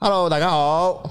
hello，大家好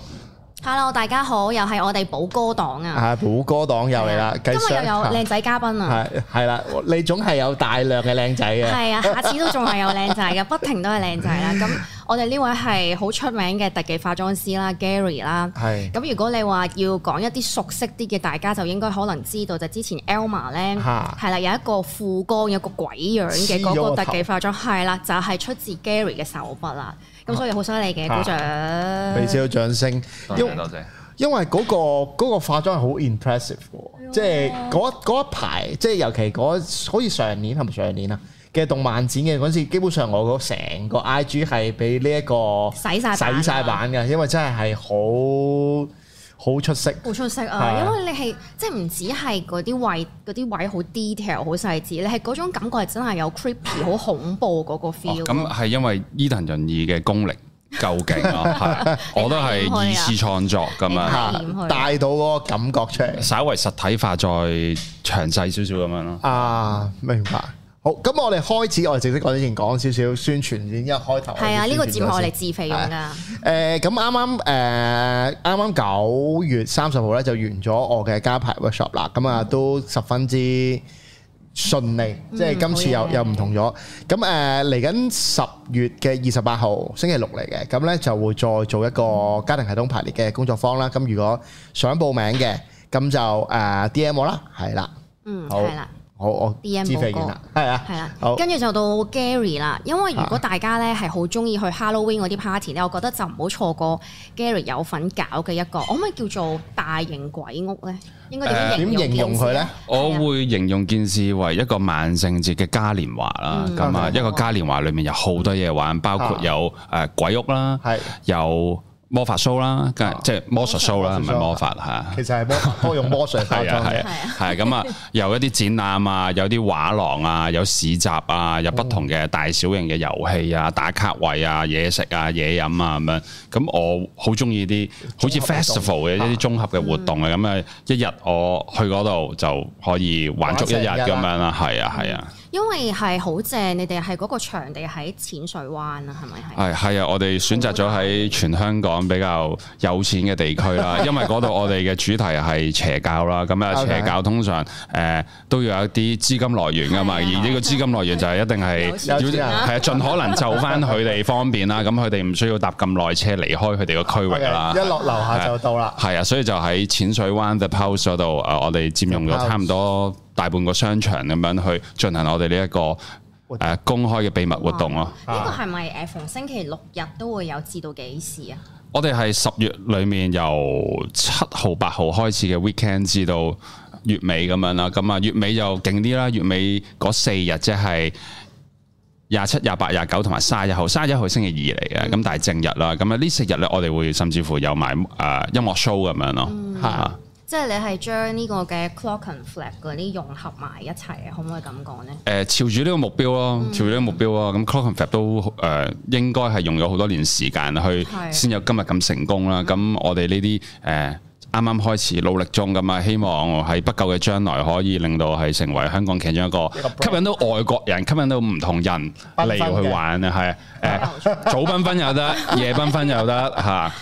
！hello，大家好，又係我哋寶藥黨啊！啊，寶藥黨又嚟啦！啊、算今日又有靚仔嘉賓啊！係係啦，你總係有大量嘅靚仔嘅、啊，係啊，下次都仲係有靚仔嘅， 不停都係靚仔啦。咁我哋呢位係好出名嘅特技化妝師啦，Gary 啦，係、啊。咁如果你話要講一啲熟悉啲嘅，大家就應該可能知道就之前 Elma 咧，係啦、啊啊，有一個富哥，有個鬼樣嘅嗰個特技化妝，係、啊啊就是、啦，就係出自 Gary 嘅手筆啦。咁、啊、所以好犀利嘅鼓掌，未少掌聲。多多謝。因為嗰、嗰個化妝係好 impressive 即係嗰一,一排，即係尤其嗰、嗰個、好似上年係咪上年啊嘅動漫展嘅陣時，基本上我嗰成個 IG 係俾呢一個洗晒洗曬版嘅，因為真係係好。好出色，好出色啊！因為你係即係唔止係嗰啲位，嗰啲位好 detail、好細緻，你係嗰種感覺係真係有 creepy、好恐怖嗰個 feel、哦。咁係因為伊藤潤二嘅功力夠勁啊！係、 啊，我都係二次創作咁啊，帶到嗰個感覺出嚟，稍微實體化再詳細少少咁樣咯。啊，明白。好，咁我哋開始，我哋正式講之前講少少宣傳先，因為開頭係啊，呢個節目我哋自費用噶。誒，咁啱啱誒，啱啱九月三十號咧就完咗我嘅家排 workshop 啦，咁啊都十分之順利，即係今次又又唔同咗。咁誒嚟緊十月嘅二十八號星期六嚟嘅，咁咧就會再做一個家庭系統排列嘅工作坊啦。咁如果想報名嘅，咁就誒 DM 我啦，係啦，嗯，好，係啦。好，我 D M 冇歌，係啊了，係啦好，跟住就到 Gary 啦。因為如果大家咧係好中意去 Halloween 嗰啲 party 咧，啊、我覺得就唔好錯過 Gary 有份搞嘅一個，可唔可以叫做大型鬼屋咧？應該點形容佢咧？呃、呢我會形容件事為一個萬聖節嘅嘉年華啦。咁、嗯、啊，嗯、okay，一個嘉年華裏面有好多嘢玩，包括有誒鬼屋啦，啊、有。魔法 show 啦，啊，即係魔術 show 啦，唔係魔法吓。其實係魔， 用魔術包裝嘅。係啊係啊，係咁啊， 啊，有一啲展覽啊，有啲畫廊啊，有市集啊，有不同嘅大小型嘅遊戲啊，打卡位啊，嘢食啊，嘢飲啊咁樣。咁我好中意啲，好似 festival 嘅一啲綜合嘅活動啊。咁、嗯、啊，一日我去嗰度就可以玩足一日咁樣啦。係啊係啊。因為係好正，你哋係嗰個場地喺淺水灣啊，係咪係？係係、哎、啊，我哋選擇咗喺全香港比較有錢嘅地區啦， 因為嗰度我哋嘅主題係邪教啦，咁啊 邪教通常誒、呃、都要有一啲資金來源噶嘛， 而呢個資金來源就係一定係 錢、啊、要係啊，盡可能就翻佢哋方便啦，咁佢哋唔需要搭咁耐車離開佢哋個區域啦， 一落樓下就到啦。係啊、哎，所以就喺淺水灣 The Pulse 嗰度啊，我哋佔用咗差唔多，大半個商場咁樣去進行我哋呢一個誒、啊、公開嘅秘密活動咯。呢個係咪逢星期六日都會有至到幾時啊？我哋係十月裏面由七號八號開始嘅 weekend，至到月尾咁樣啦。咁啊月尾又勁啲啦。月尾嗰四日即係廿七、廿八、廿九同埋卅一號。卅一號星期二嚟嘅，咁、嗯、但係正日啦。咁啊四呢四日咧，我哋會甚至乎有埋誒、啊、音樂 show 咁樣咯。啊嗯啊即係你係將呢個嘅 Clockenflap 嗰啲融合埋一齊，可唔可以咁講咧？誒、呃，朝住呢個目標咯，朝住呢個目標咯。咁、嗯、Clockenflap 都誒、呃，應該係用咗好多年時間去，先有今日咁成功啦。咁是我哋呢啲誒。呃啱啱開始努力中㗎嘛，希望我喺不久嘅將來可以令到係成為香港其中一個吸引到外國人、嗯、吸引到唔同人嚟去玩啊，係誒早繽紛又得，夜繽紛又得嚇，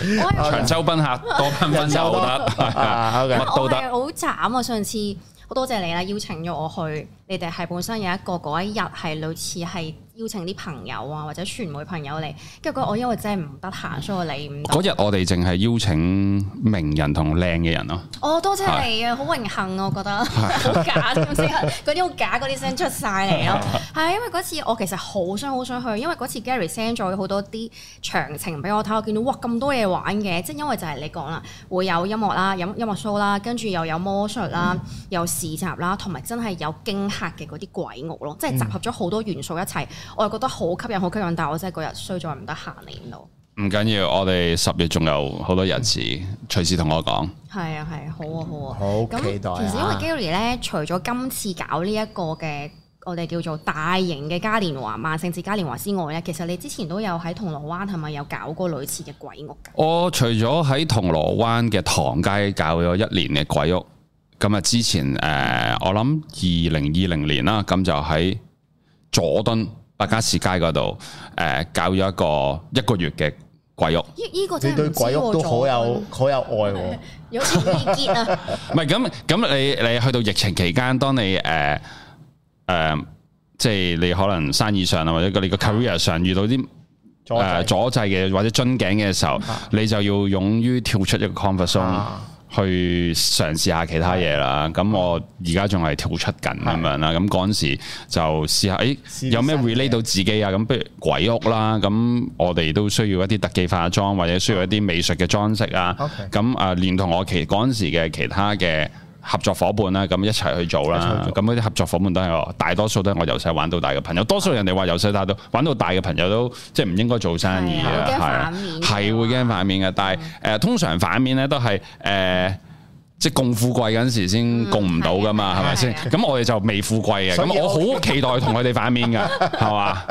長洲賓客多繽紛又得，乜都得，我係好慘啊！上次好多謝你啦，邀請咗我去，你哋係本身有一個嗰一日係類似係。邀請啲朋友啊，或者傳媒朋友嚟，跟住我因為真係唔得閒，所以我理唔到。嗰日我哋淨係邀請名人同靚嘅人咯。哦，多謝你啊，好的榮幸啊，我覺得好的 假，知唔知？嗰啲好假嗰啲聲出晒嚟咯。係啊， 因為嗰次我其實好想好想去，因為嗰次 Gary send 咗好多啲詳情俾我睇，我見到哇咁多嘢玩嘅，即係因為就係、是、你講啦，會有音樂啦、音樂音樂 show 啦，跟住又有魔術啦、嗯、有市集啦，同埋真係有驚嚇嘅嗰啲鬼屋咯，即係集合咗好多元素一齊。我又覺得好吸引，好吸引，但我真係嗰日衰在唔得閒嚟到。唔緊要，我哋十月仲有好多日子。隨時同我講。係啊，係、啊，好啊，好啊，嗯、好期待啊，其實因為 Gary 咧，除咗今次搞呢一個嘅我哋叫做大型嘅嘉年華、萬聖節嘉年華之外咧，其實你之前都有喺銅鑼灣係咪有搞過類似嘅鬼屋？我除咗喺銅鑼灣嘅唐街搞咗一年嘅鬼屋，咁啊之前誒、呃，我諗二零二零年啦，咁就喺佐敦。百家士街嗰度，誒、呃、搞咗一個一個月嘅鬼屋。呢依、這個這個真係你對鬼屋都好有眼好有愛喎、哦。有啲熱結啊！ 唔係咁咁，你你去到疫情期間，當你誒誒、呃呃，即係你可能生意上啊，或者你個 career 上遇到啲誒阻滯止嘅、呃、或者樽頸嘅時候，啊、你就要勇於跳出一個 comfort zone 去嘗試下其他嘢啦，咁的我而家仲係跳出緊咁樣啦，咁嗰陣時就試下，誒有咩 relate 到自己啊？咁不如鬼屋啦，咁我哋都需要一啲特技化妝，或者需要一啲美術嘅裝飾啊。咁啊的，連同我其嗰陣的時嘅其他嘅。合作夥伴啦，咁一齊去做啦。咁嗰啲合作夥伴都係我大多數都係我由細玩到大嘅朋友，嗯、多數人哋話由細打到玩到大嘅朋友都即係唔應該做生意啦。係、啊，係會驚反面嘅，啊面啊、但係誒、呃、通常反面咧都係誒。呃嗯即係共富貴嗰陣時先共唔到噶嘛，係咪先？咁我哋就未富貴嘅，咁我好期待同佢哋反面㗎，係嘛？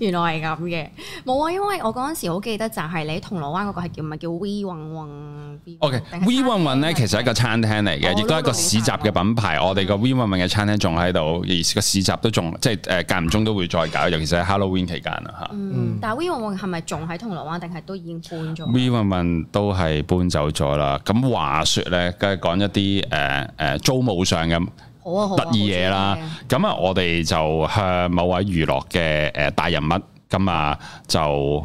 原來係咁嘅，冇啊！因為我嗰陣時好記得就係你銅鑼灣嗰個係叫咪叫 We One One？OK，We One One 咧其實一個餐廳嚟嘅，亦都一個市集嘅品牌。我哋個 We One One 嘅餐廳仲喺度，而個市集都仲即係誒間唔中都會再搞，尤其是喺 Halloween 期間啊嚇。嗯，但係 We One One 係咪仲喺銅鑼灣定係都已經搬咗？We One One 都係搬走咗啦，咁話說咧，梗係講一啲誒誒租務上嘅好得意嘢啦。咁啊，我哋就向某位娛樂嘅誒大人物，咁啊就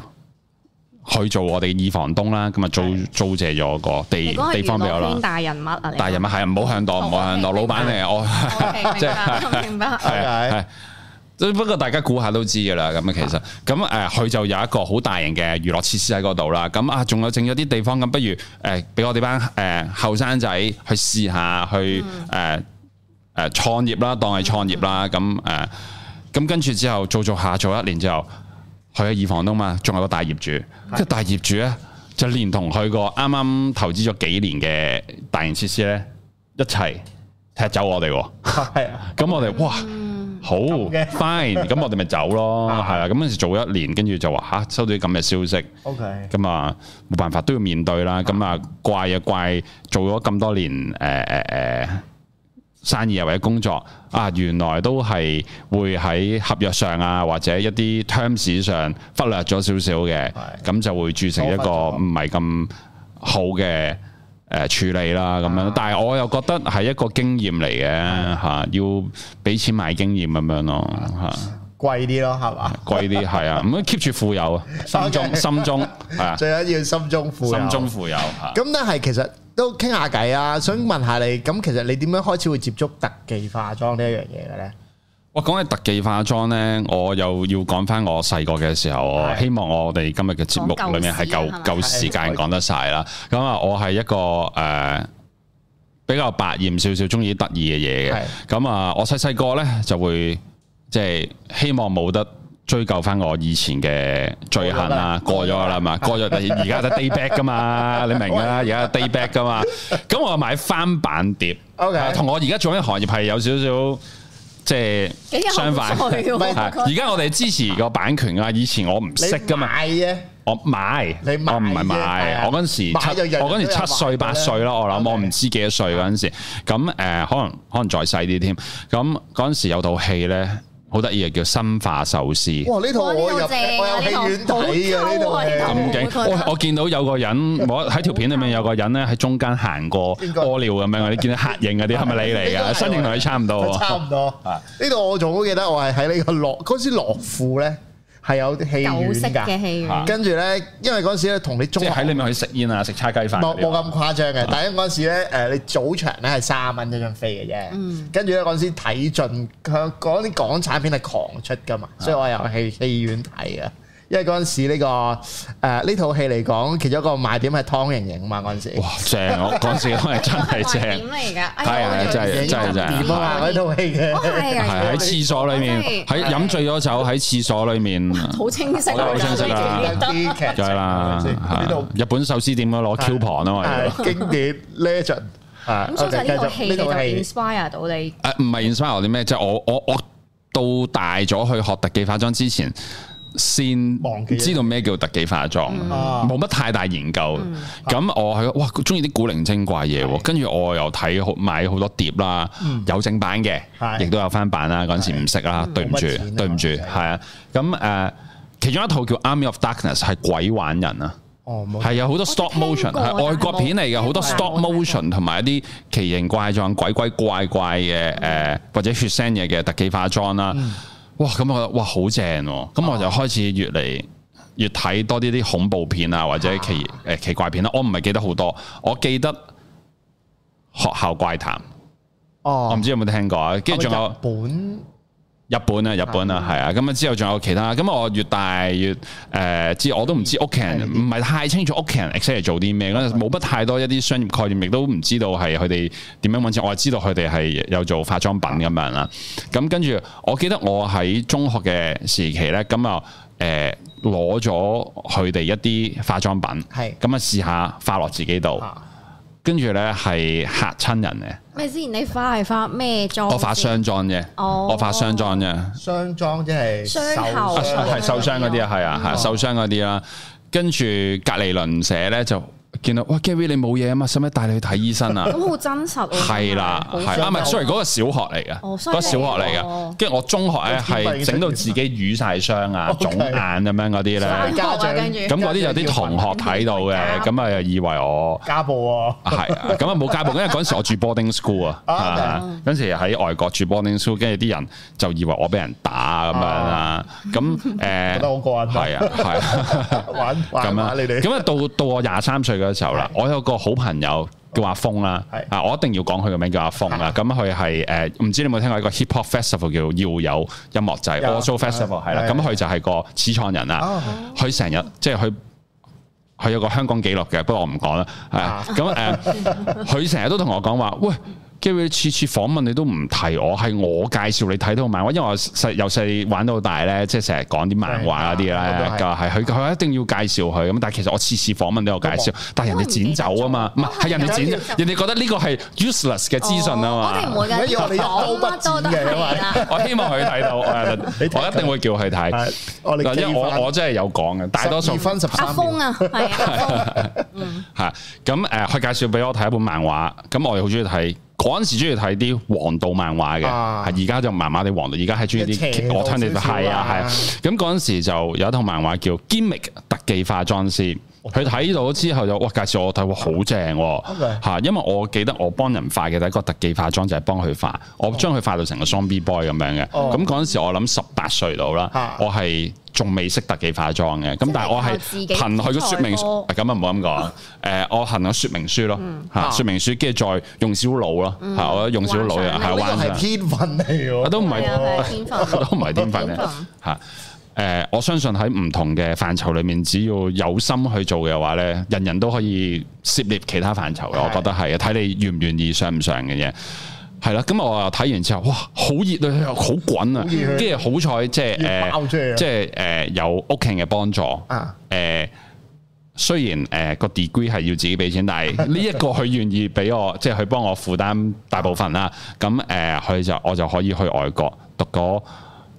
去做我哋二房東啦。咁啊租租借咗個地地方俾我啦。大人物啊，大人物係唔好向道唔好向道，老闆嚟我。明白明白係。不過大家估下都知噶啦，咁啊其實，咁誒佢就有一個好大型嘅娛樂設施喺嗰度啦，咁、嗯、啊仲有剩咗啲地方，咁不如誒俾、呃、我哋班誒後生仔去試下，去誒誒創業啦，當係創業啦，咁誒咁跟住之後做做下，做一年之後，佢係二房東嘛，仲有個大業主，即係的大業主咧就連同佢個啱啱投資咗幾年嘅大型設施咧一齊踢走我哋，係咁我哋哇！好，fine，咁 我哋咪走咯，係啦。 咁嗰時做一年，跟住就話嚇、啊，收到啲咁嘅消息，咁啊 Okay.，冇辦法都要面對啦。咁啊，怪又怪，做咗咁多年，誒誒誒，生意又或者工作，啊，原來都係會喺合約上啊，或者一啲 terms 上忽略咗少少嘅，咁 就會鑄成一個唔係咁好嘅。誒處理啦咁樣，但係我又覺得係一個經驗嚟嘅嚇，啊、要俾錢買經驗咁樣咯嚇，貴啲咯係嘛？貴啲係啊，咁 keep 住富有，心中 okay，心中係啊，最緊要心中富有，心中富有嚇。咁咧係其實都傾下偈啊，想問下你，咁其實你點樣開始會接觸特技化妝呢一樣嘢嘅咧？我講起特技化妝咧，我又要講翻我細個嘅時候。我希望我哋今日嘅節目裏面係夠夠時間講得晒啦。咁啊，我係一個誒比較百厭少少，中意得意嘅嘢嘅。咁啊，我細細個咧就會即係希望冇得追究翻我以前嘅罪行啊，過咗啦嘛，過咗而而家就 day back 噶嘛，你明啊？而家 day back 噶嘛。咁我買翻版碟，同我而家做嘅行業係有少少。即係相反，而家我哋支持個版權㗎喇！是以前我唔識㗎嘛，買我買，你買我唔係買。買的我嗰陣時七，我嗰陣時七歲八歲咯，我諗 Okay. 我唔知幾多歲嗰陣時。咁誒、呃，可能可能再細啲添。咁嗰陣時有套戲咧。好得意啊！叫生化壽司。哇！呢套我入，我有去遠睇嘅呢套咁勁、啊。我我見到有個人，我喺條片裏面有個人咧喺中間行過屙尿咁樣嗰啲，你見到黑影嗰啲係咪你嚟噶？身形同你差唔多。 差唔多。啊！呢度我仲好記得我、這個，我係喺呢個落，嗰時落褲咧。係有啲戲院噶，嘅戲院啊、跟住咧，因為嗰時咧同你中係喺裏面去食煙啊，食叉雞飯、啊。冇冇咁誇張嘅，啊、但係嗰陣時咧，誒你早場咧係三蚊一張飛嘅啫。嗯、跟住咧嗰時睇盡，佢嗰啲港產片係狂出噶嘛，啊、所以我又去戲、啊、戲院睇啊。因為嗰陣時呢個誒呢套戲嚟講，其中一個賣點係湯盈盈嘛，嗰陣時哇正，我嗰陣時湯盈真係正。賣點嚟噶，係真係真係真。點啊？喺套戲嘅，係喺廁所裏面，喺飲醉咗酒喺廁所裏面，好清晰，好清晰啦啲劇情啦，呢度日本壽司店點樣攞 coupon 啊嘛，經典 legend 咁，所以呢套戲 inspire 到你。誒，唔係 inspire 到啲咩？即係我我我到大咗去學特技化妝之前。先知道咩叫特技化妝，冇乜太大研究。咁我係哇，中意啲古靈精怪嘢。跟住我又睇，買好多碟啦，有正版嘅，亦都有翻版啦。嗰陣時唔識啦，對唔住，對唔住，係啊。咁誒，其中一套叫《Army of Darkness》，係鬼玩人啊，係有好多 stop motion，係外國片嚟嘅，好多 stop motion 同埋一啲奇形怪狀、鬼鬼怪怪嘅誒，或者血腥嘢嘅特技化妝啦。哇！咁我覺得哇好正，咁、啊、我就開始越嚟越睇多啲啲恐怖片啊，或者奇誒、啊、奇怪片啦。我唔係記得好多，我記得學校怪談。哦、啊，我唔知有冇聽過啊。跟住仲有係咪日本？日本啊，日本啊，係啊，咁啊的的之後仲有其他。咁我越大越誒、呃、知，我都唔知的屋企人唔係太清楚屋企人 exactly 做啲咩，嗰陣冇乜太多一啲商業概念，亦都唔知道係佢哋點樣揾錢，我知道佢哋係有做化妝品咁樣啦。咁跟住，我記得我喺中學嘅時期呢，咁啊誒攞咗佢哋一啲化妝品，係咁啊試下化落自己度。跟住咧係嚇親人嘅。咩之前你化係化咩妝？我化傷妝啫。哦。我化傷妝啫。傷妝即係受。啊係受傷嗰啲啊，係啊，係受、嗯哦啊、傷嗰啲啦。跟住隔離鄰舍咧就，見到哇 Gary 你冇嘢啊嘛，使唔使帶你去睇醫生啊？咁好真實。係啦，係啊 sorry 嗰個小學嚟嘅，嗰小學嚟嘅，跟住我中學咧係整到自己淤晒傷啊、腫眼咁樣嗰啲咧，咁嗰啲有啲同學睇到嘅，咁啊以為我家暴啊，係啊，咁啊冇家暴，因為嗰陣時我住 boarding school 啊，嗰陣時喺外國住 boarding school，跟住啲人就以為我俾人打咁樣啦，咁誒係啊，係啊，玩玩你哋咁啊到到我廿三歲。嗰時候啦，我有個好朋友叫阿峰啦，啊係，我一定要講佢個名叫阿峰啦。咁佢係誒，唔知你有冇聽過一個 hip hop festival 叫要有音樂祭，also festival 係啦。咁佢係就係個始創人啦。佢成日即係佢，佢有個香港紀錄嘅，不過我唔講啦。啊，咁誒係，佢成日都同我講話，喂。跟住佢次次訪問你都唔提我，係我介紹你睇到漫畫，因為我細由細玩到大咧，即係成日講啲漫畫嗰啲咧，係佢，佢一定要介紹佢咁。但係其實我次次訪問都有介紹，但係人哋剪走啊嘛，唔係係人哋剪，人哋覺得呢個係 useless 嘅資訊啊嘛。我哋唔會嘅，我講不多嘅。我希望佢睇到，我一定會叫佢睇。我我真係有講嘅，大多數分十三公啊，係啊，咁誒，佢介紹俾我睇一本漫畫，咁我又好中意睇。嗰陣時鍾意睇啲黃道漫畫嘅，係而家就麻麻啲黃道，而家係鍾意啲，我聽你，係啊係啊，咁嗰陣時就有一套漫畫叫《Gimmick 特技化妝師》。佢睇到之後就哇！介紹我睇好正喎，因為我記得我幫人化嘅第一個特技化妝就係幫佢化，我將佢化到成個 Zombie Boy 咁樣嘅。咁嗰陣時我諗十八歲到啦，我係仲未識特技化妝嘅。咁但係我係憑佢嘅說明，咁啊唔好咁講。誒，我憑個說明書咯嚇，說明書跟住再用小腦咯嚇，我用小腦又係玩嘅。都唔係天份嚟嘅，都唔係天分嘅誒、呃，我相信喺唔同嘅範疇裏面，只要有心去做嘅話咧，人人都可以涉獵其他範疇嘅，是的 我覺得係啊，睇你願唔願意上唔上嘅嘢。係啦，咁、嗯、我睇完之後，哇，好熱啊，好滾啊，跟住熱好彩，即係即係誒，即係即係誒，有屋企嘅幫助啊。誒、呃，雖然誒、呃那個 degree 係要自己俾錢，但係呢一個佢願意俾我，即係佢幫我負擔大部分啦。咁、啊、誒，佢、呃、就我就可以去外國讀嗰。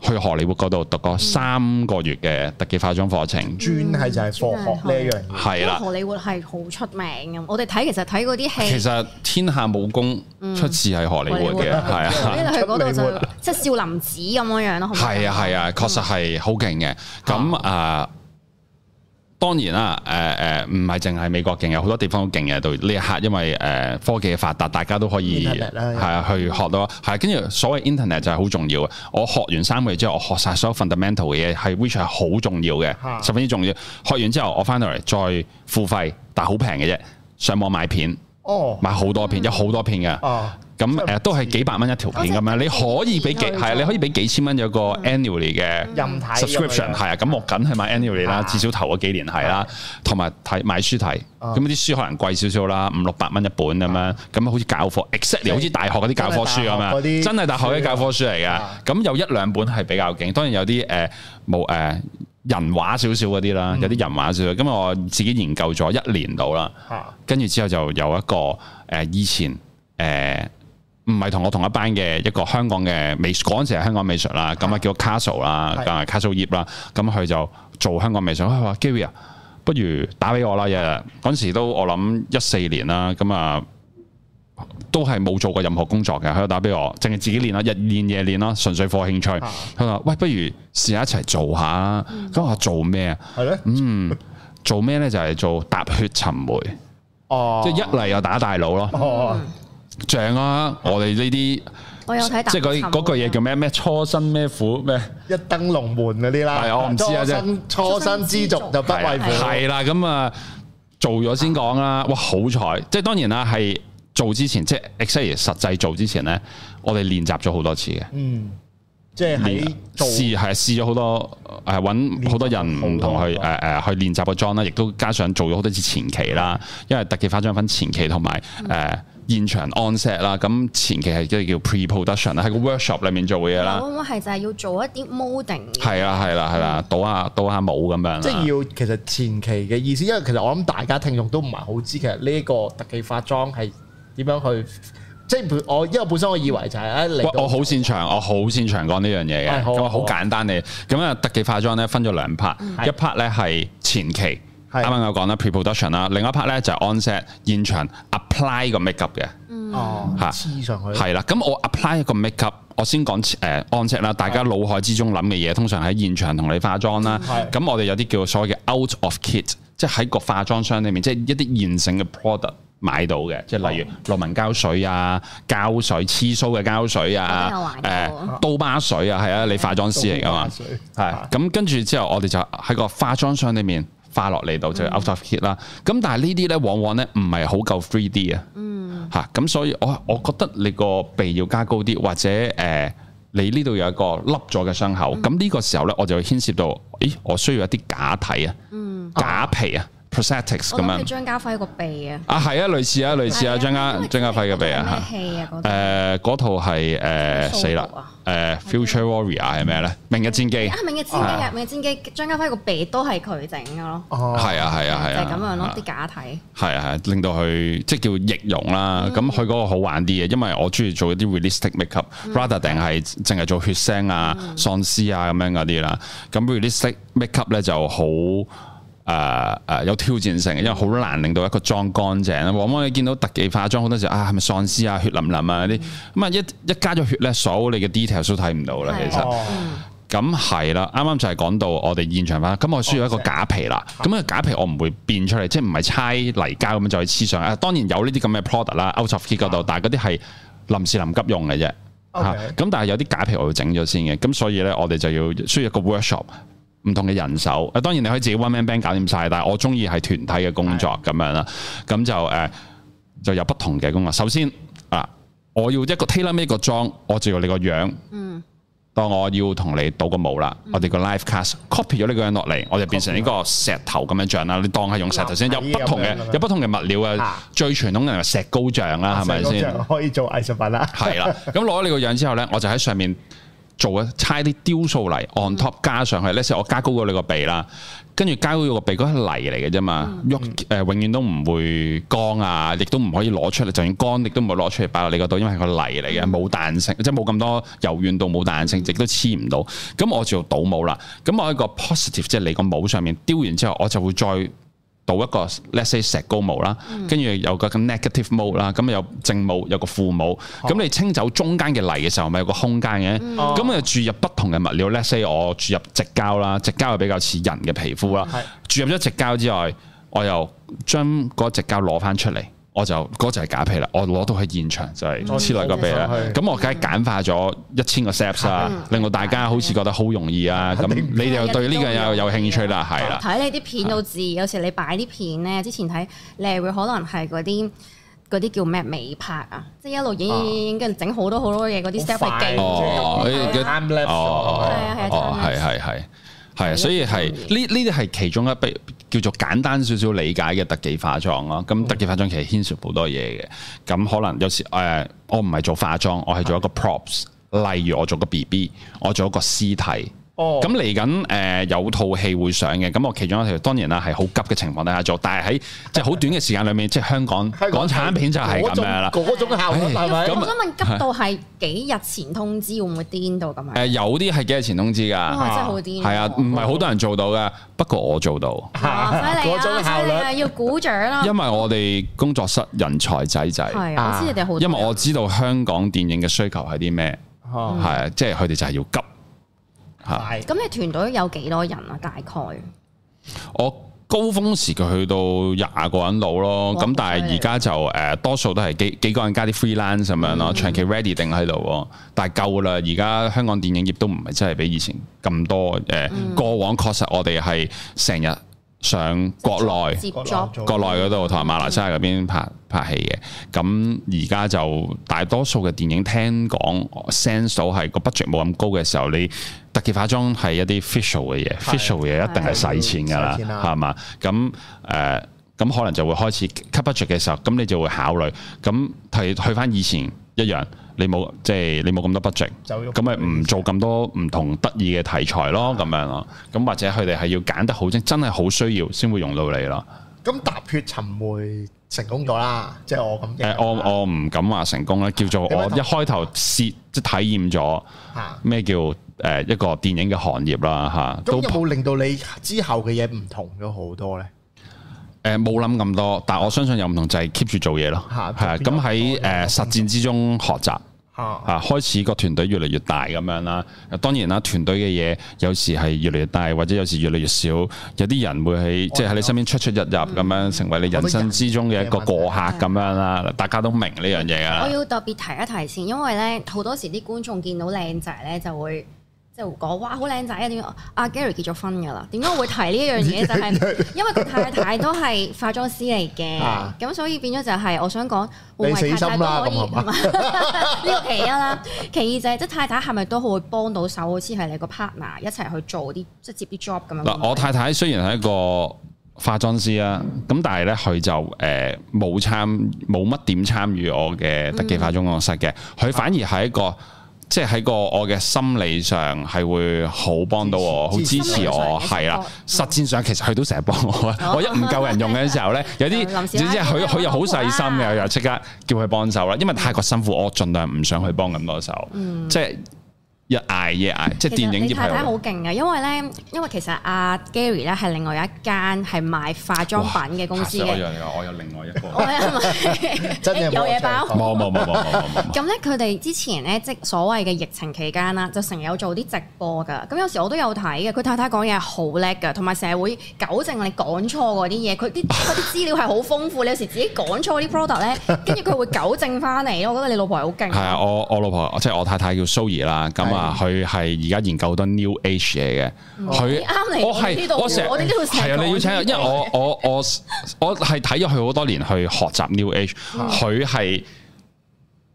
去荷里活嗰度讀過三個月嘅特技化妝課程，專係就係化學呢樣，係啦、嗯。荷里活係好、啊、出名嘅，我哋睇其實睇嗰啲戲。其實天下武功出自係荷里活嘅，係啊。咁你去嗰度就即、係、係少林寺咁樣咯。係啊係啊，確實係好勁嘅。咁啊、嗯。那嗯當然啦，誒誒唔係淨係美國勁，有好多地方都勁嘅。到呢一刻，因為誒、呃、科技嘅發達，大家都可以係 Internet 啊，啊去學到。係跟住所謂 internet 就係好重要嘅。我學完三個月之後，我學晒所有 fundamental 嘅嘢，係 which 係好重要嘅，十分之重要。學完之後，我翻到嚟再付費，但係好平嘅啫。上網買片，哦，買好多片，有好多片嘅。哦嗯嗯咁誒都係幾百蚊一條片咁樣，你可以俾幾係啊？你可以俾幾千蚊有個 annual 嚟嘅 subscription 係啊。咁我梗係買 annual 啦，至少頭嗰幾年係啦，同埋睇買書睇。咁啲書可能貴少少啦，五六百蚊一本咁樣。咁好似教科 exactly，好似大學嗰啲教科書咁樣，真係大學嘅教科書嚟㗎。咁有一兩本係比較勁，當然有啲誒冇誒人話少少嗰啲啦，有啲人話少少。咁我自己研究咗一年到啦，跟住之後就有一個誒以前誒。唔係同我同一班嘅一個香港嘅美術，嗰陣時係香港美術啦，咁啊叫 Castle 啦、so, 的，梗係 Castle 葉啦，咁佢就做香港美術。佢話 Gary 啊，不如打俾我啦日嗰陣時都我諗一四年啦，咁啊都係冇做過任何工作嘅，佢就打俾我，淨係自己練咯，日練夜練咯，純粹課興趣。佢話喂，不如試,試一一下一齊做下。咁我話做咩啊？係咧。嗯，做咩咧？就係做踏血尋梅。哦。Oh. 即係一嚟又打大佬咯。Oh. 像啊，我哋呢啲，我有睇，即係嗰句嘢叫咩咩初生咩虎咩一登龍門嗰啲啦。係我唔知啊，即初生之犢就不畏虎。係啦，咁啊做咗先講啦。哇，好彩，即係當然啦，係做之前，即係 exactly 實際做之前咧，我哋練習咗好多次嘅。嗯，即係試係試咗好多，誒揾好多人唔同去誒誒去練習個妝啦，亦都加上做咗好多次前期啦，因為特技化妝分前期同埋誒。現場 on set 啦，咁前期係即係叫 pre-production 啦，喺、嗯、個 workshop 裏面做嘅嘢啦。我係、嗯、就係要做一啲 modeling 係啦係啦係啦，倒下倒下模咁樣。即係要其實前期嘅意思，因為其實我諗大家聽眾都唔係好知，其實呢一個特技化妝係點樣去，即係我因為我本身我以為就係喺嚟。我好擅長，我好擅長講呢樣嘢嘅，咁啊、嗯、好簡單嘅。咁啊特技化妝咧分咗兩 part，是一 part 咧係前期。啱啱我講啦，pre-production 啦，另一 part 咧就係 on-set 現場 apply 個 make-up 嘅。嗯哦嚇，黐上去。係啦，咁我 apply 一個 make-up，我先講誒 on-set 啦。大家腦海之中諗嘅嘢，通常喺現場同你化妝啦。咁我哋有啲叫所謂嘅 out-of-kit，即係喺個化妝箱裏面，即係一啲現成嘅 product 買到嘅，即係例如羅文膠水啊、膠水黐須嘅膠水啊、誒刀疤水啊，係啊，你化妝師嚟噶嘛？刀疤水。係。咁跟住之後，我哋就喺個化妝箱裏面。化落嚟到就 after hit 啦，咁但係呢啲咧往往咧唔係好夠 three D、嗯、啊，嚇，咁所以我我覺得你個鼻要加高啲，或者誒、呃、你呢度有一個凹咗嘅傷口，咁呢、嗯、個時候咧我就會牽涉到，咦我需要一啲假體、嗯、假皮啊，假皮啊。prosthetics 咁樣，張家輝個鼻啊！啊係啊，類似啊，類似啊，張家張家輝個鼻啊！咩戲啊？嗰套係誒死啦！誒《Future Warrior》係咩咧？《明日戰機》啊，《明日戰機》入《明日戰機》，張家輝個鼻都係佢整嘅咯。哦，係啊，係啊，係啊，係咁樣咯，啲假體。係啊係，令到佢即係叫易容啦。咁佢嗰個好玩啲嘅，因為我中意做一啲 realistic make up，rather 定係淨係做血腥啊、喪屍啊咁樣嗰啲啦。咁 realistic make up 咧就好。誒誒、呃，有挑戰性，因為好難令到一個妝乾淨。往往你見到特技化妝，好多時啊，係咪喪屍啊，血淋淋啊啲咁啊，一一加咗血咧，所有你嘅 details 都睇唔到啦。其實咁係啦，啱啱，哦嗯啊、就係講到我哋現場翻，咁我需要一個假皮啦。咁啊，假皮我唔會變出嚟，即係唔係差泥膠咁樣就去黐，上。啊，當然有呢啲咁嘅 product 啦，out of kit 度，啊，但係嗰啲係臨時臨急用嘅啫。咁，啊嗯、但係有啲假皮我要整咗先嘅，咁所以咧我哋就要需要一個 workshop。唔同嘅人手，啊，當然你可以自己 one man band 搞掂晒。但係我中意係團體嘅工作咁是的 樣啦，咁就誒、呃、就有不同嘅工作。首先啊，我要一個 tailor make 個妝，我就要你個樣。嗯。當我要同你倒個模啦，嗯、我哋個 live cast copy 咗呢個樣落嚟，我就變成呢個石頭咁樣像啦。你當係用石頭先，有不同嘅有不同嘅物料嘅，啊、最傳統嘅係石膏像啦，係咪先？吧可以做藝術品啦是的。係啦，咁攞咗你個樣之後咧，我就喺上面。做嘅差啲雕塑嚟 on top 加上去，呢次、嗯、我加高咗你個鼻啦，跟住加高咗個鼻，嗰啲泥嚟嘅啫嘛，喐誒、嗯呃、永遠都唔會乾啊，亦都唔可以攞出嚟，就算乾亦都唔會攞出嚟擺落你個度，因為係個泥嚟嘅，冇、嗯、彈性，即係冇咁多柔軟度，冇彈性，亦都黐唔到。咁我就倒帽啦，咁我喺個 positive 即係你個帽上面雕完之後，我就會再。做一個 let's say 石膏模啦，跟住、嗯、有個咁 negative 模啦，咁有正模，有個負模，咁、哦、你清走中間嘅泥嘅時候，咪有個空間嘅，咁我、哦、注入不同嘅物料。let's say 我注入直膠啦，直膠又比較似人嘅皮膚啦。嗯嗯、注入咗直膠之外，我又將嗰直膠攞翻出嚟。我就嗰就係假皮啦，我攞到喺現場就係黐落個鼻啦。咁我梗係簡化咗一千個 steps 啦，令到大家好似覺得好容易啊。咁你又對呢個又有興趣啦，係啦。睇你啲片都知，有時你擺啲片咧，之前睇你係會可能係嗰啲啲叫咩美拍啊，即係一路影影，跟住整好多好多嘢，嗰啲 steps 係勁。哦哦係，所以係呢呢啲係其中一筆叫做簡單少少理解嘅特技化妝咯。咁、嗯、特技化妝其實牽涉好多嘢嘅，咁可能有時誒、呃，我唔係做化妝，我係做一個 props，的例如我做個 BB，我做一個屍體。哦，咁嚟緊誒，有套戲會上嘅。咁我其中一條當然啦，係好急嘅情況底下做，但係喺即係好短嘅時間裏面，即係香港港產片就係咁樣啦。嗰種效果，我想問急到係幾日前通知會唔會癲到咁樣？誒，有啲係幾日前通知噶，真係好癲！係啊，唔係好多人做到嘅，不過我做到。哇，犀利啊！所以咧要鼓掌啦，因為我哋工作室人才濟濟，因為我知道香港電影嘅需求係啲咩，係即係佢哋就係要急。嚇！咁是你團隊有幾多人啊？大概我高峰時期去到廿個人到咯，咁哇但係而家就誒們、呃、多數都係幾幾個人加啲 freelance 咁樣咯，嗯、長期 ready 定喺度，但係夠啦。而家香港電影業都唔係真係比以前咁多誒，呃嗯、過往確實我哋係成日。上國內，國內嗰度同埋馬來西亞嗰邊拍拍戲嘅，咁而家就大多數嘅電影聽講，scene 數係個 budget 冇咁高嘅時候，你特技化妝係一啲 f i s c i a l 嘅嘢 f i s c i a l 嘢一定係使錢㗎啦，係嘛？咁誒，咁、呃、可能就會開始 cut budget 嘅時候，咁你就會考慮，咁係去翻以前。一樣，你冇即係你冇咁多 budget，咁咪唔做咁多唔同得意嘅題材咯，咁樣咯，咁或者佢哋係要揀得好精，真係好需要先會用到你啦。咁踏血尋梅成功咗啦，即係我咁。誒，我我唔敢話成功啦，叫做我一開頭試即係體驗咗咩叫誒一個電影嘅行業啦，嚇。咁有冇令到你之後嘅嘢唔同咗好多咧？誒冇諗咁多，但我相信有唔同就係、是、keep 住做嘢咯，係啊、嗯，咁喺誒實戰之中學習，嚇、嗯、開始個團隊越嚟越大咁樣啦。當然啦，團隊嘅嘢有時係越嚟越大，或者有時越嚟越少。有啲人會喺、喔、即係喺你身邊出出入入咁樣，嗯、成為你人生之中嘅一個過客咁樣啦。大家都明呢樣嘢啊！我要特別提一提先，因為咧好多時啲觀眾見到靚仔咧就會，就講哇，好靚仔啊！點啊，阿 Gary 結咗婚㗎喇，點解會提呢一樣嘢？就係、是、因為個太太都係化妝師嚟嘅，咁、啊、所以變咗就係我想講，我咪、啊、太太都可以咁啊。呢個 其一啦，其二就係、是、即太太係咪都會幫到手？好似係你個 partner 一齊去做啲即、就是、接啲 job 咁樣嗱。嗯、我太太雖然係一個化妝師啊，咁、嗯、但係咧佢就誒冇參冇乜點參與我嘅特技化妝工作室嘅，佢、嗯、反而係一個。即係喺個我嘅心理上係會好幫到我，好支持我，係啦。實戰上其實佢都成日幫我，嗯、我一唔夠人用嗰陣時候咧，嗯、有啲，總之佢佢又好細心，嘅，又即刻叫佢幫手啦。因為太過辛苦，我盡量唔想去幫咁多手，嗯、即係。一捱夜捱，即係電影業其實你太太好勁㗎，因為咧，因為其實阿、啊、Gary 咧係另外一間係賣化妝品嘅公司嘅。我有另外一個。我 有 有嘢包。咁咧，佢哋 之前咧，即所謂嘅疫情期間啦，就成日有做啲直播㗎。咁有時我都有睇嘅，佢太太講嘢係好叻㗎，同埋社會糾正你講錯嗰啲嘢。佢啲啲資料係好豐富， 你有時自己講錯啲 product 咧，跟住佢會糾正翻嚟。我覺得你老婆好勁。係啊，我我老婆即係我太太叫 s o 蘇兒啦。咁啊。啊！佢係而家研究好多 New Age 嘢嘅，佢我係我成日我要請，係啊，要請，因為我我我我係睇咗佢好多年，去學習 New Age，佢係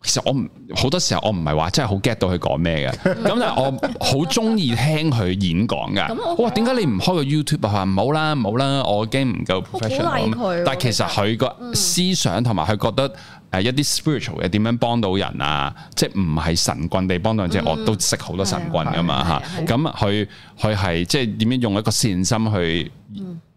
其實我好多時候我唔係話真係好 get 到佢講咩嘅，咁但係我好中意聽佢演講㗎。哇，點解你唔開個 YouTube？佢話唔好啦，唔好啦，我驚唔夠 professional。但係其實佢個思想同埋佢覺得。係一啲 spiritual 嘅，點樣幫到人啊？即係唔係神棍地幫到人？即係我都識好多神棍㗎嘛吓。咁佢佢係即係點樣用一個善心去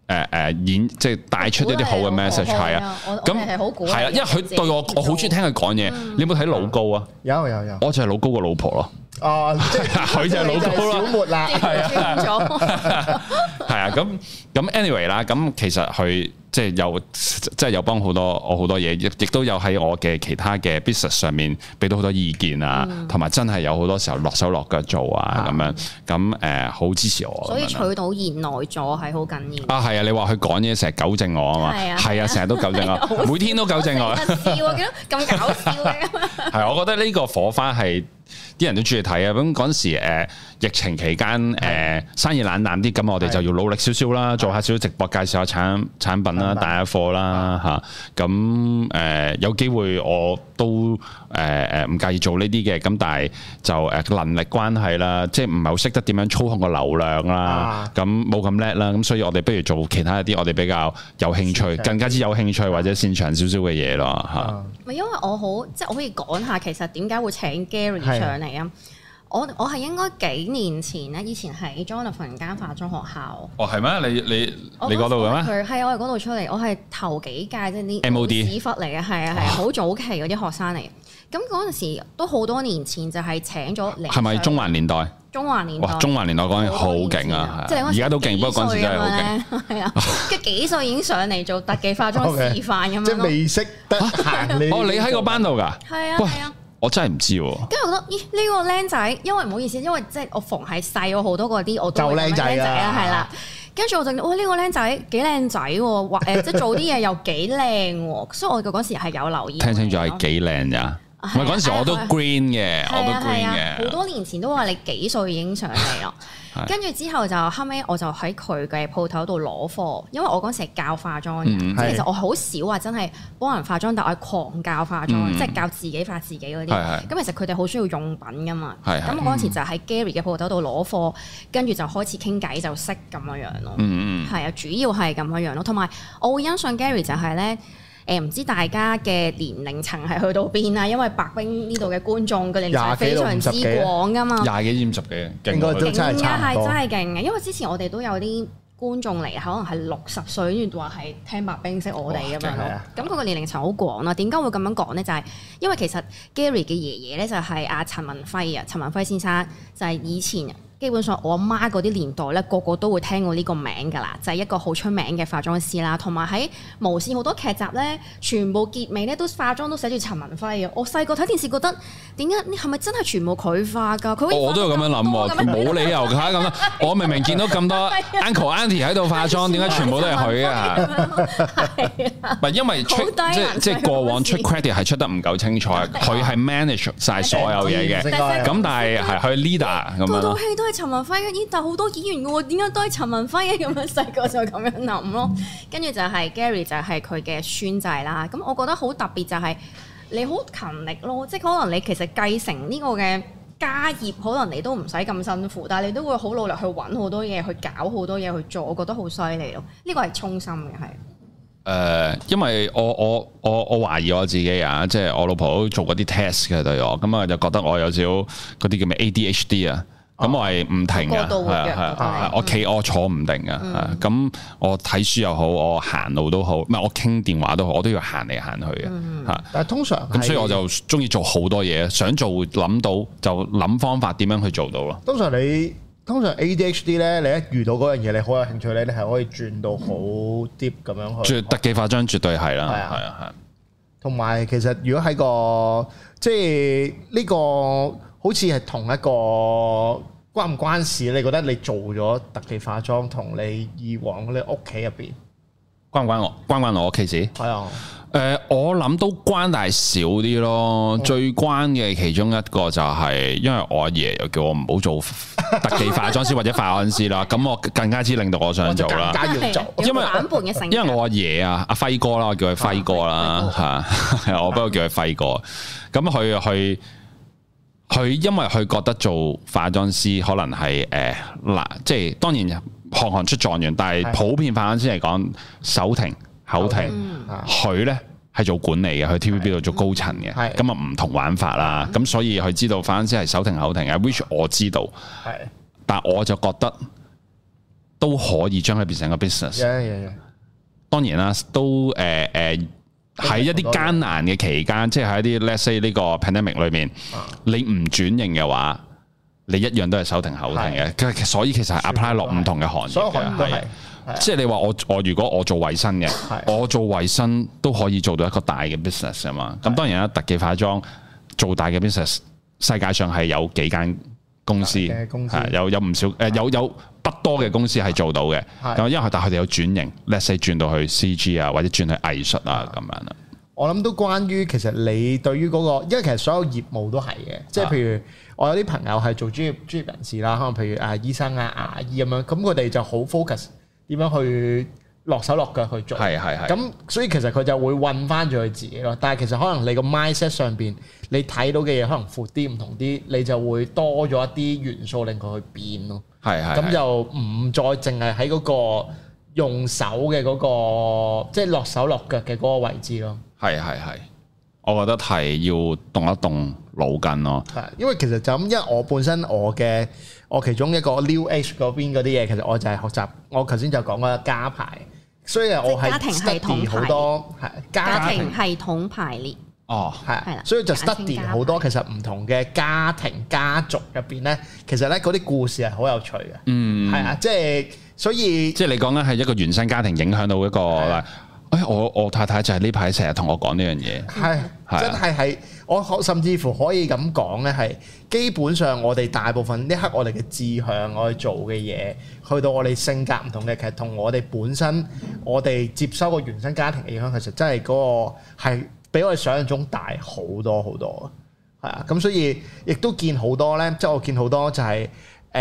誒誒演，即係帶出一啲好嘅 message 係啊。咁係好古啊。因為佢對我，我好中意聽佢講嘢。你有冇睇老高啊？有有有。我就係老高個老婆咯。哦，佢就老高啦，係啊，係啊，咁咁 anyway 啦，咁其實佢即係有即係又幫好多我好多嘢，亦亦都有喺我嘅其他嘅 business 上面俾到好多意見啊，同埋真係有好多時候落手落腳做啊，咁樣咁誒，好支持我，所以取到賢內助係好緊要啊，係啊，你話佢講嘢成日糾正我啊嘛，係啊，成日都糾正我，每天都糾正我，咁搞笑嘅，係，我覺得呢個火花係。啲人都鍾意睇啊！咁嗰陣時，誒疫情期間，誒生意冷淡啲，咁我哋就要努力少少啦，做下少少直播，介紹下產產品啦，帶下貨啦，嚇！咁誒有機會我都誒誒唔介意做呢啲嘅，咁但係就誒能力關係啦，即係唔係好識得點樣操控個流量啦，咁冇咁叻啦，咁所以我哋不如做其他一啲我哋比較有興趣、更加之有興趣或者擅長少少嘅嘢咯，嚇！唔因為我好即係我可以講下其實點解會請 Gary 上嚟？我我係應該幾年前咧，以前喺 Jonathan 間化妝學校。哦，係咩？你你你嗰度嘅咩？係我哋嗰度出嚟，我係頭幾屆即係啲 M O D 屎忽嚟嘅。係啊係，好早期嗰啲學生嚟嘅。咁嗰陣時都好多年前，就係請咗嚟。係咪中環年代？中環年代，中環年代嗰陣好勁啊。係，而家都勁，不過嗰陣時真係好勁。係啊，即係幾歲已經上嚟做特技化妝示範咁樣，即係未識得。哦，你喺個班度噶？係係啊。我真係唔知喎，跟住我覺得，咦呢、這個僆仔，因為唔好意思，因為即係我逢係細我好多個啲，我，我就僆仔啦，係啦，跟住我就覺得，哇呢、這個僆仔幾靚仔喎，或誒即係做啲嘢又幾靚喎，所以我嘅嗰時係有留意，聽清楚係幾靚咋。唔係嗰陣時我都 green 嘅，我都 green 嘅。好多年前都話你幾歲已經上嚟咯，跟住之後就後尾，我就喺佢嘅鋪頭度攞貨，因為我嗰陣時係教化妝嘅，即係其實我好少話真係幫人化妝，但我係狂教化妝，即係教自己化自己嗰啲。咁其實佢哋好需要用品㗎嘛。咁我嗰陣時就喺 Gary 嘅鋪頭度攞貨，跟住就開始傾偈就識咁樣樣咯。係啊，主要係咁樣樣咯。同埋我會欣賞 Gary 就係咧。誒唔知大家嘅年齡層係去到邊啊？因為白兵呢度嘅觀眾嘅年齡非常之廣㗎嘛。廿幾二十幾，十幾，廿幾五十幾，應該都真係差唔多。係真係勁嘅，因為之前我哋都有啲觀眾嚟，可能係六十歲，話係聽白兵識我哋咁樣咯。咁佢個年齡層好廣咯。點解會咁樣講咧？就係、是、因為其實 Gary 嘅爺爺咧就係阿陳文輝啊，陳文輝先生就係以前。基本上我阿媽嗰啲年代咧，個個都會聽過呢個名噶啦，就係一個好出名嘅化妝師啦。同埋喺無綫好多劇集咧，全部結尾咧都化妝都寫住陳文輝啊！我細個睇電視覺得點解你係咪真係全部佢化噶，佢我都有咁樣諗，冇理由㗎，我明明見到咁多 uncle auntie 喺度化妝，點解全部都係佢啊？唔係因為出即即係過往出 credit 係出得唔夠清楚，佢係 manage 曬所有嘢嘅。咁但係係佢 leader 咁樣。陳文輝嘅咦？但好多演員嘅喎，點解都係陳文輝嘅？咁樣細個就咁樣諗咯。跟住就係 Gary 就係佢嘅孫仔啦。咁我覺得好特別就係你好勤力咯，即係可能你其實繼承呢個嘅家業，可能你都唔使咁辛苦，但係你都會好努力去揾好多嘢去搞好多嘢去做。我覺得好犀利咯，呢個係衷心嘅係。誒，因為我我我我懷疑我自己啊，即係我老婆做嗰啲 test 嘅對我，咁啊就覺得我有少少嗰啲叫咩 ADHD 啊。咁、哦、我係唔停噶，係啊係啊，我企我坐唔定噶，咁、嗯嗯、我睇書又好，我行路都好，唔係我傾電話都好，我都要行嚟行去嘅，吓、嗯。但係通常咁，所以我就中意做好多嘢，想做諗到就諗方法點樣去做到咯。通常你通常 ADHD 咧，你一遇到嗰樣嘢，你好有興趣咧，你係可以轉到好 deep 咁樣去。絕特、嗯、技化妝絕對係啦，係啊係。同埋、啊啊啊、其實如果喺個即係呢個。就是好似係同一個關唔關事？你覺得你做咗特技化妝，同你以往你屋企入邊關唔關我關唔關我嘅 case、 呃？係啊，誒我諗都關，但係少啲咯。最關嘅其中一個就係因為我阿爺，爺又叫我唔好做特技化妝師或者化妝師啦，咁我 更加之令到我想做啦。 因為爺爺、 啊、因為我阿爺，爺啊，阿輝哥啦，我叫佢輝哥啦，嚇，我不過叫佢輝哥。咁佢去。 佢因為佢覺得做化妝師可能係誒嗱，即係當然行行出狀元，但係普遍化妝師嚟講，的手停口停，佢、嗯、呢係做管理嘅，喺 TVB 度做高層嘅，咁啊唔同玩法啦，咁的所以佢知道化妝師係手停口停嘅，which 我知道，係的，但我就覺得都可以將佢變成個 business，當然啦，都誒誒。呃呃呃喺一啲艱難嘅期間，即係喺一啲 let’s say 呢個 pandemic 裏面，嗯、你唔轉型嘅話，你一樣都係手停口停嘅。的所以其實係 apply 落唔同嘅行業，即係你話我我如果我做衞生嘅，的我做衞生都可以做到一個大嘅 business 啊嘛的。咁當然啦，特技化妝做大嘅 business，世界上係有幾間公司，有有唔少誒，有有，的、呃、有。有有有多嘅公司係做到嘅，咁的因為但係佢哋有轉型，let say 轉到去 CG 啊，或者轉去藝術啊咁樣啦。我諗都關於其實你對於嗰個，因為其實所有業務都係嘅，即係的譬如我有啲朋友係做專業專業人士啦，可能譬如啊醫生啊牙醫咁樣，咁佢哋就好 focus 點樣去落手落腳去做，係係係。咁所以其實佢就會運返咗佢自己咯。但係其實可能你個 mindset 上邊，你睇到嘅嘢可能闊啲唔同啲，你就會多咗一啲元素令佢去變咯。係係，咁就唔再淨係喺嗰個用手嘅嗰、嗰個，即係落手落腳嘅嗰個位置咯。係係係，我覺得係要動一動腦筋咯。係，因為其實就咁，因為我本身我嘅我其中一個 New Age 嗰邊嗰啲嘢，其實我就係學習，我頭先就講過，家排。所以我係家庭系統好多係家，家庭系統排列。哦，係，所以就 study 好多，其實唔同嘅家庭家族入邊咧，其實咧嗰啲故事係好有趣嘅。嗯，係啊，即係所以，即係你講緊係一個原生家庭影響到一個，誒、啊哎，我我太太就係呢排成日同我講呢樣嘢，係、啊，啊、真係係，我甚至乎可以咁講咧，係基本上我哋大部分呢刻我哋嘅志向我哋做嘅嘢，去到我哋性格唔同嘅，其實同我哋本身我哋接收個原生家庭嘅影響，其實真係嗰、嗰個係比我哋想象中大好多好多啊，係啊，咁所以亦都見好多咧，即係我見好多就係誒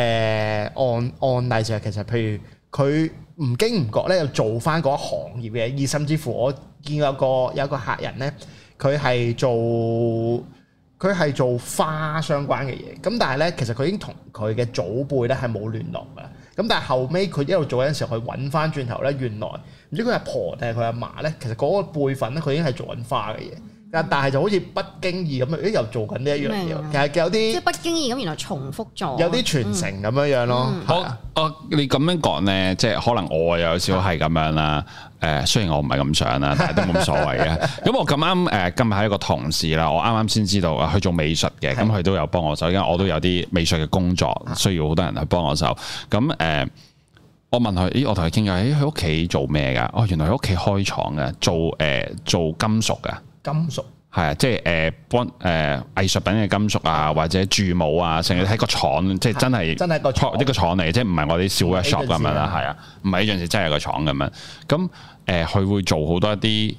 案案例就係其實，譬如佢唔經唔覺咧，又做翻嗰行業嘅，而甚至乎我見個有個有個客人咧，佢係做佢係做花相關嘅嘢，咁但係咧，其實佢已經同佢嘅祖輩咧係冇聯絡嘅，咁但係後尾，佢一路做緊時候，佢揾翻轉頭咧，原來。唔知佢阿婆定係佢阿嫲咧？其實嗰個輩份咧，佢已經係做緊花嘅嘢。但但係就好似不經意咁啊，又做緊呢一樣嘢。其實有啲即係不經意咁，原來重複做有啲傳承咁樣樣咯。好啊，你咁樣講咧，即係可能我有少少係咁樣啦。誒，雖然我唔係咁想啦，但係都冇所謂嘅。咁我咁啱誒，今日係一個同事啦。我啱啱先知道啊，佢做美術嘅。咁佢都有幫我手，因為我都有啲美術嘅工作，需要好多人去幫我手。咁誒。我問佢，咦？我同佢傾偈，咦？佢屋企做咩噶？哦，原來喺屋企開廠嘅，做誒、呃、做金屬嘅金屬，係啊，即係誒、呃、幫誒、呃、藝術品嘅金屬啊，或者鑄模啊，成日喺個廠，即係真係真係個一個廠嚟，廠廠即係唔係我哋小 workshop 咁樣啦，係啊，唔係呢陣時真係個廠咁樣。咁、嗯、誒，佢、呃、會做好多一啲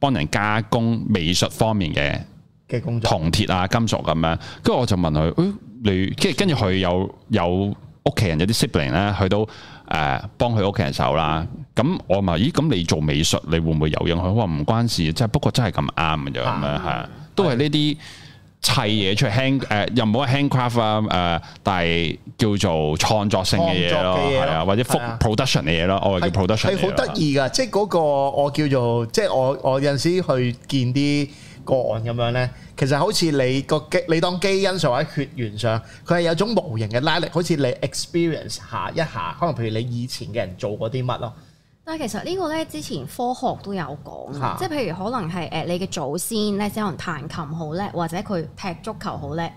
幫人加工美術方面嘅嘅工作，銅鐵啊，金屬咁樣。跟住我就問佢，誒、欸、你即係跟住佢有有屋企人有啲 sibling 咧，佢都。誒、啊、幫佢屋企人手啦，咁、啊、我咪咦？咁你做美術，你會唔會有影響？我話唔關事，即係不過真係咁啱嘅啫，咁樣係都係呢啲砌嘢出嚟 hand 誒、啊，又唔好 handcraft 啊誒，但係叫做創作性嘅嘢咯，係啊，或者 production 嘅嘢咯，我話叫 production 係好得意噶，即係嗰個我叫做即係、就是、我我有陣時去見啲。個案咁樣咧，其實好似你個基，你當基因上或者血緣上，佢係有種模型嘅拉力，好似你 experience 下一下，可能譬如你以前嘅人做過啲乜咯。但係其實呢個咧，之前科學都有講，即係是的 譬如可能係誒你嘅祖先咧，可能彈琴好叻，或者佢踢足球好叻。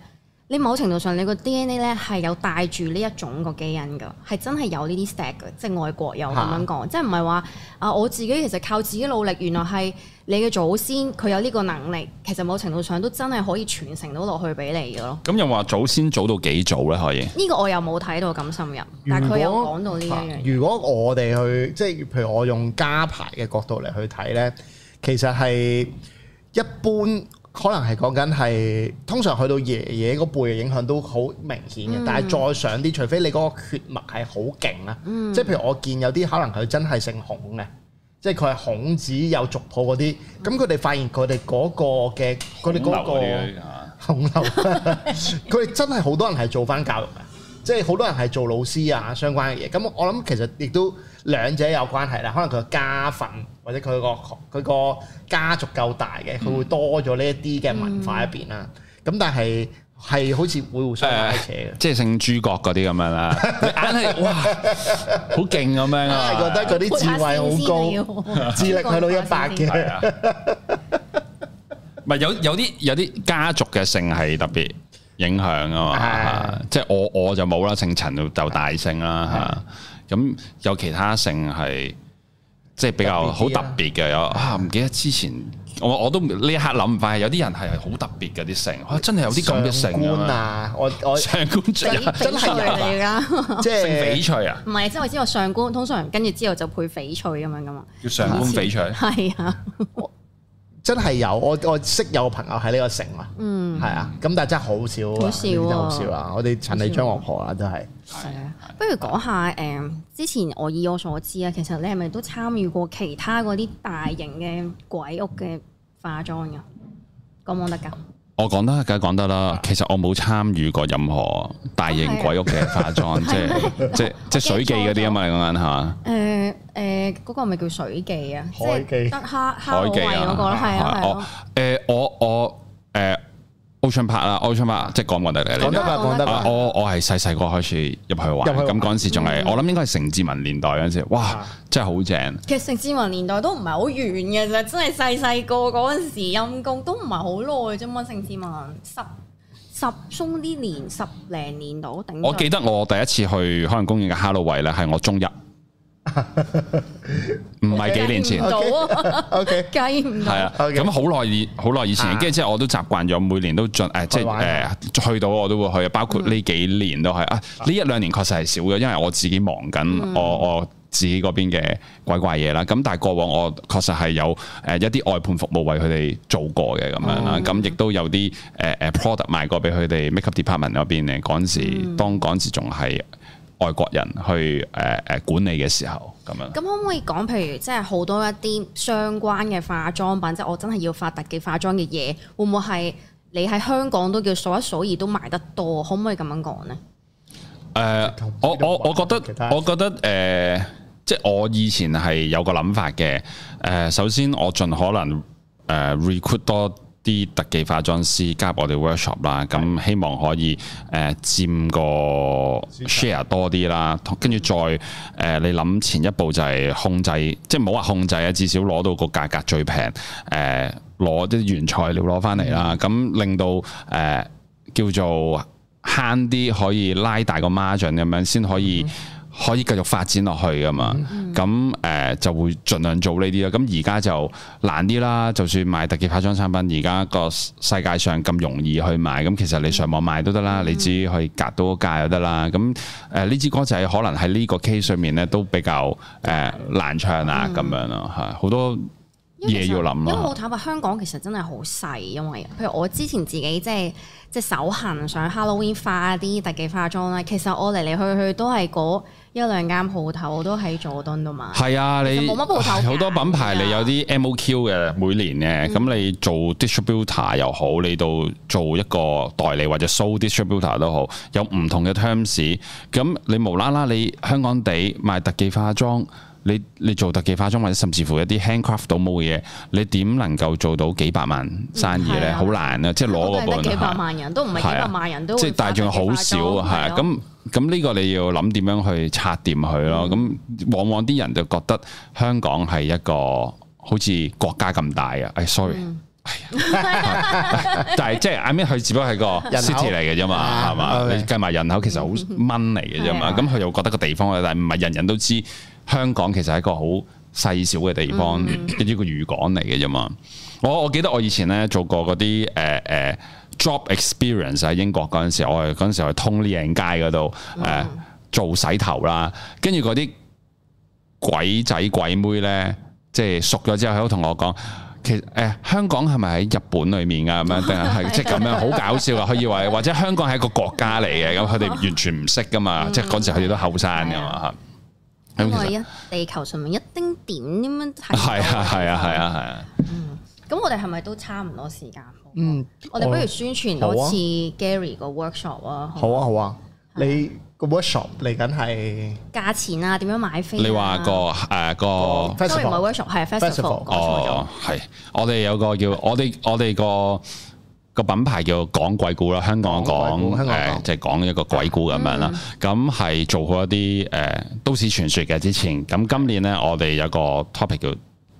你某程度上，你個 DNA 咧係有帶住呢一種個基因噶，係真係有呢啲 set 嘅，即係外國有咁樣講，啊、即係唔係話啊我自己其實靠自己努力，原來係你嘅祖先佢有呢個能力，其實某程度上都真係可以傳承到落去俾你嘅咯。咁、嗯、又話祖先早到幾早咧？可以呢個我又冇睇到咁深入，來但係佢有講到呢樣嘢。如果我哋去即係譬如我用家排嘅角度嚟去睇咧，其實係一般。可能係講緊係通常去到爺爺嗰輩嘅影響都好明顯嘅，嗯、但係再上啲，除非你嗰個血脈係好勁啦，嗯、即係譬如我見有啲可能佢真係姓孔嘅，即係佢係孔子有族譜嗰啲，咁佢哋發現佢哋嗰個嘅佢哋嗰個孔流，佢哋真係好多人係做翻教育嘅，即係好多人係做老師啊相關嘅嘢，咁我諗其實亦都兩者有關係啦，可能佢嘅家訓。或者佢個佢個家族夠大嘅，佢會多咗呢一啲嘅文化入邊啦。咁但係係好似會互相拉扯，即係姓諸葛嗰啲咁樣啦。硬係哇，好勁咁樣啊！都係覺得嗰啲智慧好高，智力去到一百嘅。係，有有啲有啲家族嘅姓係特別影響啊嘛。即係我我就冇啦，姓陳就大姓啦嚇。咁有其他姓係。即係比較好特別嘅有啊！唔記得之前我我都呢一刻諗唔翻，有啲人係好特別嘅啲姓，真係有啲咁嘅姓啊！我我上官最真係啊！即係姓翡翠啊！唔係，即係我知道上官通常跟住之後就配翡翠咁樣噶嘛，叫上官翡翠係啊。思是的 真係有，我我識有朋友喺呢個城、嗯、啊，嗯，係啊，咁但係真係好少，好少啊！我哋陳李張黃婆啊，真係、啊。係啊，不如講下誒、嗯，之前我以我所知啊，其實你係咪都參與過其他嗰啲大型嘅鬼屋嘅化妝噶？講唔講得㗎？我講得梗係講得啦，其實我冇參與過任何大型鬼屋嘅化妝，即係即係即係水記嗰啲啊嘛，你講緊吓？誒誒，嗰個咪叫水記啊，即係得蝦蝦老味嗰個，係啊係啊，誒我我誒。Ocean Park 啦，Ocean Park 即係講唔講得嚟？講得啦，講得啦。我我係細細個開始入去玩，咁嗰陣時仲係是的 我諗應該係盛智文年代嗰陣時，哇，啊、真係好正。其實盛智文年代都唔係好遠嘅啫，真係細細個嗰陣時陰功都唔係好耐啫嘛。盛智文十十中啲年十零年度，我記得我第一次去海洋公園嘅 h e l 哈囉喂咧，係我中一。唔係 幾年前，O 啊 K，計唔係啊 Okay、嗯，咁好耐以好耐以前，跟住之後我都習慣咗，每年都進誒，即係誒去到我都會去，包括呢幾年都係啊，呢一兩年確實係少咗，因為我自己忙緊，我、嗯、我自己嗰邊嘅鬼怪嘢啦。咁但係過往我確實係有誒一啲外判服務為佢哋做過嘅咁樣啦，咁、啊、亦、嗯嗯、都有啲誒誒 product 賣過俾佢哋 makeup department 嗰邊咧，嗰陣時當嗰陣時仲係外國人去誒誒管理嘅時候咁樣，咁、嗯、可唔可以講？譬如即係好多一啲相關嘅化妝品，即、就、係、是、我真係要發特技化妝嘅嘢，會唔會係你喺香港數數都叫數一數二都賣得多？可唔可以咁樣講呢？誒，我我我覺得，我覺得誒、呃，即係我以前係有個諗法嘅。誒、呃，首先我盡可能誒、呃、recruit 多。啲特技化妝師加入我哋 workshop 啦，咁希望可以誒、呃、佔個 share 多啲啦，跟住再誒、呃、你諗前一步就係控制，即唔好話控制啊，至少攞到個價格最平，誒攞啲原材料攞翻嚟啦，咁令到誒、呃、叫做慳啲，可以拉大個 margin 咁樣先可以。嗯可以繼續發展落去噶嘛？咁誒就會盡量做呢啲啦。咁而家就難啲啦。就算買特技化妝產品，而家個世界上咁容易去買，咁其實你上網買都得啦，你只要去隔多個價又得啦。咁誒呢支歌仔可能喺呢個 case 上面咧都比較誒難唱啊咁樣咯，係好多嘢要諗咯。因為我坦白，香港其實真係好細。因為譬如我之前自己即係即係手痕想 Halloween 化啲特技化妝咧，其實我嚟嚟去去都係嗰，一兩間鋪頭都喺佐敦度買。係啊，你冇乜鋪頭，好多品牌你有啲 MOQ 嘅，每年嘅。咁你做 distributor 又好，你到做一個代理或者 sole distributor 都好，有唔同嘅 terms。咁你無啦啦你香港地賣特技化妝，你你做特技化妝或者甚至乎一啲 handcraft 都冇嘅嘢，你點能夠做到幾百萬生意咧？好難啊！即係攞嗰個。幾百萬人都唔係幾百萬人都，即係大眾好少啊！係啊，咁。咁呢個你要諗點樣去拆掂佢咯？咁往往啲人就覺得香港係一個好似國家咁大啊！誒，sorry，但係即係 I mean 佢只不過係個 city 嚟嘅啫嘛，係嘛？你計埋人口其實好蚊嚟嘅啫嘛。咁佢又覺得個地方咧，但係唔係人人都知香港其實係一個好細小嘅地方，一啲個漁港嚟嘅啫嘛。我我記得我以前咧做過嗰啲誒誒。d r o p experience 喺英國嗰陣時，我係嗰陣時去通呢樣街嗰度誒做洗頭啦，跟住嗰啲鬼仔鬼妹咧，即係熟咗之後，佢都同我講，其實誒、欸、香港係咪喺日本裏面噶咁 樣定係即係咁樣，好搞笑啊！佢以為，或者香港係一個國家嚟嘅，咁佢哋完全唔識噶嘛，即係嗰陣時佢哋都後生噶嘛嚇。咁其實地球上面一丁點咁樣，係啊係啊係啊係啊。咁、嗯、我哋係咪都差唔多時間？嗯，我哋不如宣傳多次 Gary 個 workshop 啊！好啊，好，吧好啊，你個 workshop 嚟緊係價錢啊？點樣買飛，啊？你話、嗰個誒個唔係 workshop，係 festival。哦，係，我哋有個叫我哋我哋個個品牌叫港鬼故啦，香港講，香港誒即係講、呃就是、講一個鬼故咁樣啦。咁係、嗯、做好一啲誒、呃、都市傳說嘅之前。咁今年咧，我哋有個 topic 叫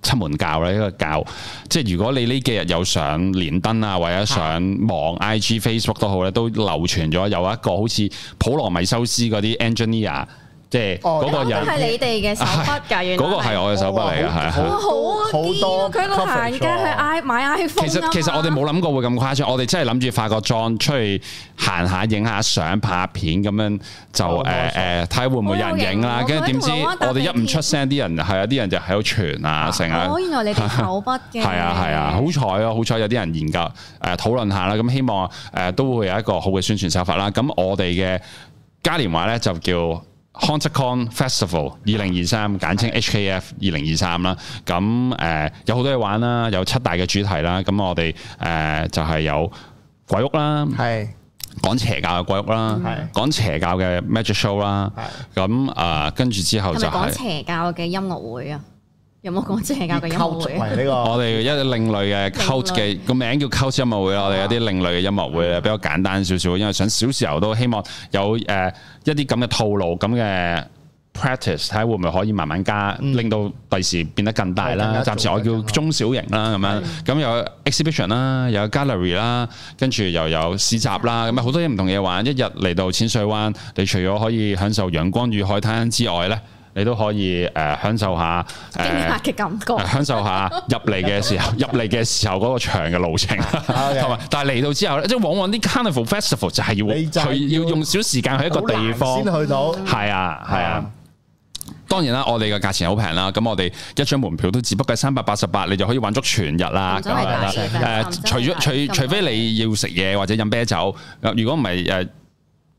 七門教咧，呢個教即係如果你呢幾日有上連登啊，或者上網 IG、Facebook 都好咧，都流傳咗有一個好似普羅米修斯嗰啲 engineer。即係嗰個人係你哋嘅手筆㗎，原來嗰個係我嘅手筆嚟嘅，係啊，好好多佢行街去嗌買 iPhone。其實其實我哋冇諗過會咁誇張，我哋真係諗住化個妝出去行下，影下相，拍下片咁樣就誒誒睇下會唔會有人影啦。跟住點知我哋一唔出聲，啲人係有啲人就喺度傳啊，成日。原來你哋手筆嘅？係啊係啊，好彩哦，好彩有啲人研究誒討論下啦。咁希望誒都會有一個好嘅宣傳手法啦。咁我哋嘅嘉年華咧就叫，o 康七 Con Festival 二零二三，簡稱 HKF 二零二三啦。咁、呃、誒有好多嘢玩啦，有七大嘅主題啦。咁我哋誒、呃、就係、是、有鬼屋啦，係講是邪教嘅鬼屋啦，係講是邪教嘅 magic show 啦是。咁啊，跟、呃、住之後就係、是、邪教嘅音樂會啊，有冇講邪教嘅音樂會？呢個，我哋一啲另類嘅 cult 嘅個名叫 cult 音樂會啦。我哋有啲另類嘅音樂會咧，比較簡單少少，因為想小時候都希望有誒。呃一啲咁嘅套路咁嘅 practice，睇下會唔會可以慢慢加，嗯、令到第時變得更大啦。暫時我叫中小型啦咁樣，咁有 exhibition 啦、嗯，有 gallery 啦，跟住又有市集啦，咁啊好多嘢唔同嘢玩。一日嚟到淺水灣，你除咗可以享受陽光與海灘之外咧。你都可以誒享受下驚嚇嘅感覺，享受下入嚟嘅時候，入嚟嘅時候嗰個長嘅路程，同埋但係嚟到之後咧，即係往往啲 Carnival Festival 就係要佢要用少時間去一個地方先去到，係啊係啊。當然啦，我哋嘅價錢好平啦，咁我哋一張門票都只不過三百八十八，你就可以玩足全日啦。咁誒，除咗除除非你要食嘢或者飲啤酒，嗱如果唔係誒。.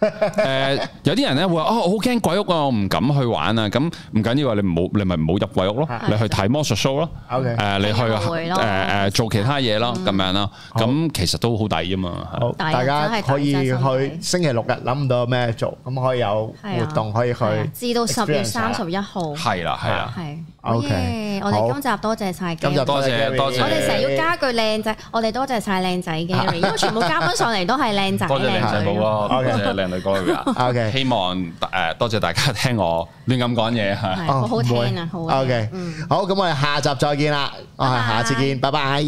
誒，有啲人咧會話哦，我好驚鬼屋啊，我唔敢去玩啊。咁唔緊要啊，你唔好，你咪唔好入鬼屋咯，你去睇魔術 show 咯。誒，你去誒誒做其他嘢咯，咁樣啦。咁其實都好抵啊嘛。大家可以去星期六日諗唔到有咩做，咁可以有活動可以去，至到十月三十一號。係啦係啦。係。O K。好。我哋今集多謝晒。今日多謝多謝。我哋成日要加句靚仔，我哋多謝晒靚仔嘅。如果全部嘉賓上嚟都係靚仔，多謝係冇錯。多謝靚。o、okay. k 希望誒、呃、多謝大家聽我亂咁講嘢嚇，哦、我好聽啊，好啊 OK，嗯、好咁，我哋下集再見啦，我下次見，拜拜。